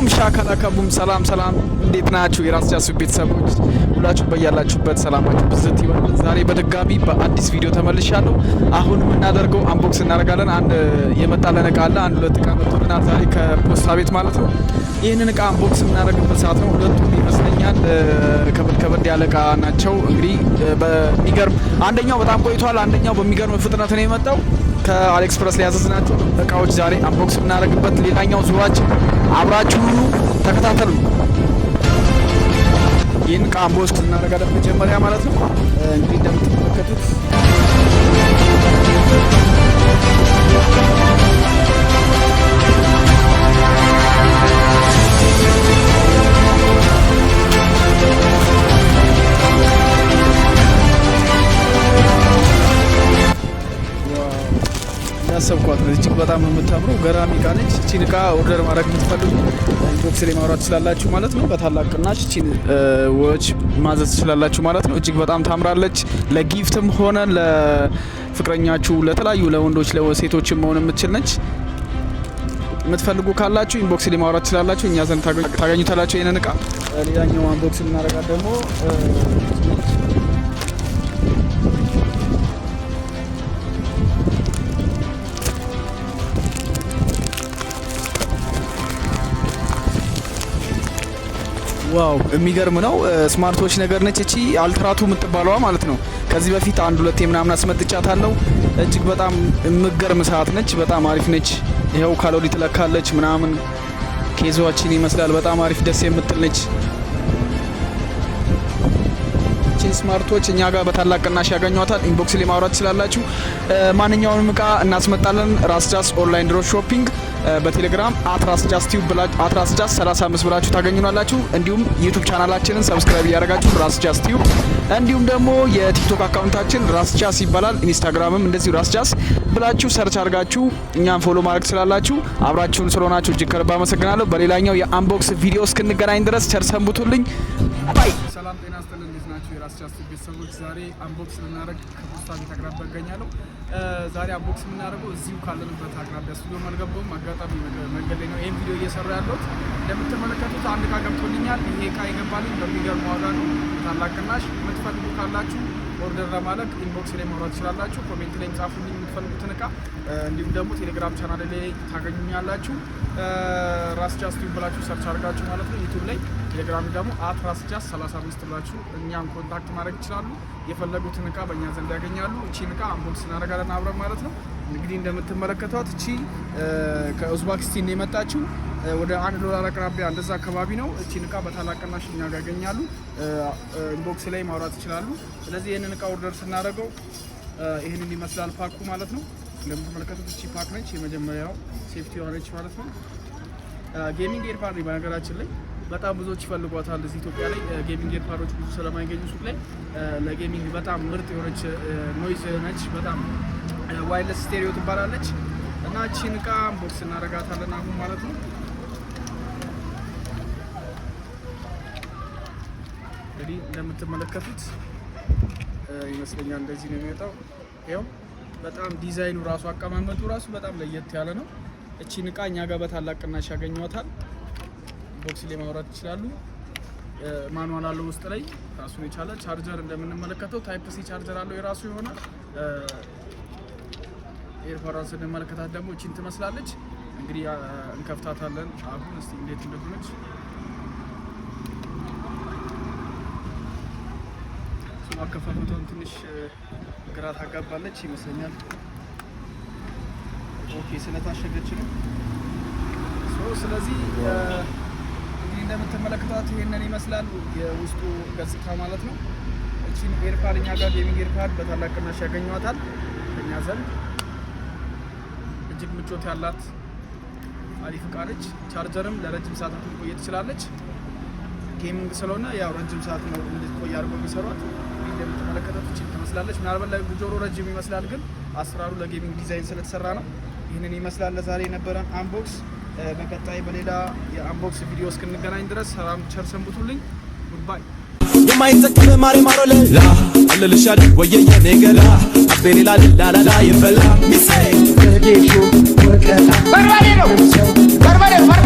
ሻሎም ሻካላካቡም ሰላም ሰላም፣ እንዴት ናችሁ? የራስ ጃሱ ቤተሰቦች ሁላችሁ በያላችሁበት ሰላማችሁ ብዝት ይሆናል። ዛሬ በድጋሚ በአዲስ ቪዲዮ ተመልሻለሁ። አሁን የምናደርገው አንቦክስ እናደርጋለን። አንድ የመጣለን እቃ አለ። አንድ ሁለት እቃ መጥቶልናል ዛሬ ከፖስታ ቤት ማለት ነው። ይህንን እቃ አንቦክስ የምናደርግበት ሰዓት ነው። ሁለቱም ይመስለኛል ከበድ ከበድ ያለ እቃ ናቸው። እንግዲህ በሚገርም አንደኛው በጣም ቆይቷል። አንደኛው በሚገርም ፍጥነት ነው የመጣው ከአሊኤክስፕረስ ሊያዘዝናቸው ያዘዝናቸው እቃዎች ዛሬ አንቦክስ የምናደርግበት ሌላኛው ዙራችን አብራችሁ ተከታተሉ። ይህን እቃ አንቦክስ እናደርጋለን መጀመሪያ ማለት ነው እንግዲህ እንደምትመለከቱት ያሰብኳት ነው። እጅግ በጣም የምታምረው ገራሚ እቃ ነች። እቺን እቃ ኦርደር ማድረግ የምትፈልጉ ኢንቦክስ ላይ ማውራት ትችላላችሁ ማለት ነው። በታላቅ ቅናሽ እቺን ወጭ ማዘዝ ትችላላችሁ ማለት ነው። እጅግ በጣም ታምራለች። ለጊፍትም ሆነ ለፍቅረኛችሁ፣ ለተለያዩ ለወንዶች ለሴቶችም መሆን የምትችል ነች። የምትፈልጉ ካላችሁ ኢንቦክስ ላይ ማውራት ትችላላችሁ። እኛ ዘንድ ታገኙታላችሁ ይህንን እቃ። ሌላኛው አንቦክስ እናደርጋት ደግሞ ዋው የሚገርም ነው። ስማርቶች ነገር ነች እቺ አልትራቱ የምትባለዋ ማለት ነው። ከዚህ በፊት አንድ ሁለቴ ምናምን አስመጥቻታለሁ። እጅግ በጣም የምገርም ሰዓት ነች። በጣም አሪፍ ነች። ይኸው ካሎሪ ትለካለች ምናምን። ኬዟችን ይመስላል። በጣም አሪፍ ደስ የምትል ነች። ስማርቶች እኛ ጋር በታላቅ ቅናሽ ያገኟታል። ኢንቦክስ ላይ ማውራት ትችላላችሁ። ማንኛውንም እቃ እናስመጣለን። ራስጃስ ኦንላይን ድሮ ሾፒንግ በቴሌግራም አትራስጃስ ቲዩብ ብላ አትራስጃስ 35 ብላችሁ ታገኙናላችሁ። እንዲሁም ዩቱብ ቻናላችንን ሰብስክራይብ እያደረጋችሁ ራስጃስ ቲዩብ እንዲሁም ደግሞ የቲክቶክ አካውንታችን ራስጃስ ይባላል። ኢንስታግራምም እንደዚሁ ራስጃስ ብላችሁ ሰርች አድርጋችሁ እኛን ፎሎ ማድረግ ትችላላችሁ። አብራችሁን ስለሆናችሁ እጅግ ከልብ አመሰግናለሁ። በሌላኛው የአንቦክስ ቪዲዮ እስክንገናኝ ድረስ ቸር ሰንብቱልኝ። ባይ። ሰላም ጤና ይስጥልኝ። እንዴት ናችሁ? የራስ ያስብ ቤተሰቦች ዛሬ አንቦክስ ልናደርግ ከፖስታ ቤት አቅራቢያ እገኛለሁ። ዛሬ አንቦክስ የምናደርገው እዚሁ ካለንበት አቅራቢያ ስቱዲዮም አልገባሁም፣ አጋጣሚ መንገድ ላይ ነው ይህን ቪዲዮ እየሰራሁ ያለሁት። እንደምትመለከቱት አንድ እቃ ገብቶልኛል። ይሄ እቃ የገባልኝ በሚገርም ዋጋ ነው፣ ታላቅ ቅናሽ። የምትፈልጉ ካላችሁ ኦርደር ለማድረግ ኢንቦክስ ላይ ማውራት ትችላላችሁ። ኮሜንት ላይ ጻፉልኝ የምትፈልጉትን እቃ፣ እንዲሁም ደግሞ ቴሌግራም ቻናል ላይ ታገኙኛላችሁ። ራስ ጃስ ቲዩብ ብላችሁ ሰርች አድርጋችሁ ማለት ነው ዩቲዩብ ላይ። ቴሌግራም ደግሞ አት ራስ ጃስ 35 ብላችሁ እኛን ኮንታክት ማድረግ ይችላሉ። የፈለጉትን እቃ በእኛ ዘንድ ያገኛሉ። እቺን እቃ አምቦልስ እናደርጋለን አብረን ማለት ነው። እንግዲህ እንደምትመለከቷት እቺ ከኡዝባክስቲን ነው የመጣችው። ወደ አንድ ዶላር አቅራቢያ እንደዛ አካባቢ ነው። እቺን እቃ በታላቅ ቅናሽ እኛ ጋር ያገኛሉ። ኢንቦክስ ላይ ማውራት ይችላሉ። ስለዚህ ይህንን እቃ ኦርደር ስናደርገው ይህንን ይመስላል ፓኩ ማለት ነው። እንደምትመለከቱት እቺ ፓክ ነች። የመጀመሪያው ሴፍቲ ነች ማለት ነው። ጌሚንግ ኤርፓድ በነገራችን ላይ በጣም ብዙዎች ይፈልጓታል። እዚህ ኢትዮጵያ ላይ ጌሚንግ ኤርፓዶች ብዙ ስለማይገኙ ሱቅ ላይ ለጌሚንግ በጣም ምርጥ የሆነች ኖይዝ ነች። በጣም ዋይለስ ስቴሪዮ ትባላለች እና ቺን እቃ ቦክስ እናደርጋታለን አሁን ማለት ነው። እንግዲህ እንደምትመለከቱት ይመስለኛል እንደዚህ ነው የሚወጣው። ይኸው በጣም ዲዛይኑ ራሱ አቀማመጡ ራሱ በጣም ለየት ያለ ነው። እቺ እቃ እኛ ጋር በታላቅ ቅናሽ ያገኟታል። ቦክስ ላይ ማውራት ይችላሉ። ማኑዋል አለው ውስጥ ላይ ራሱን የቻለ ቻርጀር እንደምንመለከተው ታይፕ ሲ ቻርጀር አለው የራሱ የሆነ ኤርፎራንስ እንመለከታት ደግሞ እቺን ትመስላለች። እንግዲህ እንከፍታታለን። አሁን እስቲ እንዴት እንደሆነች ማከፋፈቷን ትንሽ ግራ ታጋባለች ይመስለኛል። ኦኬ ስለታሸገች ነው። ስለዚህ እንግዲህ እንደምትመለከቷት ይሄንን ይመስላል የውስጡ ገጽታ ማለት ነው። እቺን ኤርፓድ እኛ ጋር ጌሚንግ ኤርፓድ በታላቅ ቅናሽ ያገኟታል። ከኛ ዘንድ እጅግ ምቾት ያላት አሪፍ እቃ ነች። ቻርጀርም ለረጅም ሰዓት ልትቆይ ትችላለች። ጌሚንግ ስለሆነ ያው ረጅም ሰዓት ነው ልትቆይ አድርጎ የሚሰሯት እንደምትመለከቱት ቺፕ ትመስላለች። ምናልባት ላይ ጆሮ ረጅም ይመስላል፣ ግን አሰራሩ ለጌሚንግ ዲዛይን ስለተሰራ ነው። ይህንን ይመስላል ለዛሬ የነበረን አንቦክስ። በቀጣይ በሌላ የአንቦክስ ቪዲዮ እስክንገናኝ ድረስ ሰላም፣ ቸር ሰንብቱልኝ። ጉድባይ። የማይጠቅም ማሪ ማሮ ለላ አለልሻል ወየ የኔ ገላ አቤ ሌላ ላላላ ይበላ ሚሴ ገዴሾ ወቀጣ በርባዴ ነው በርባዴ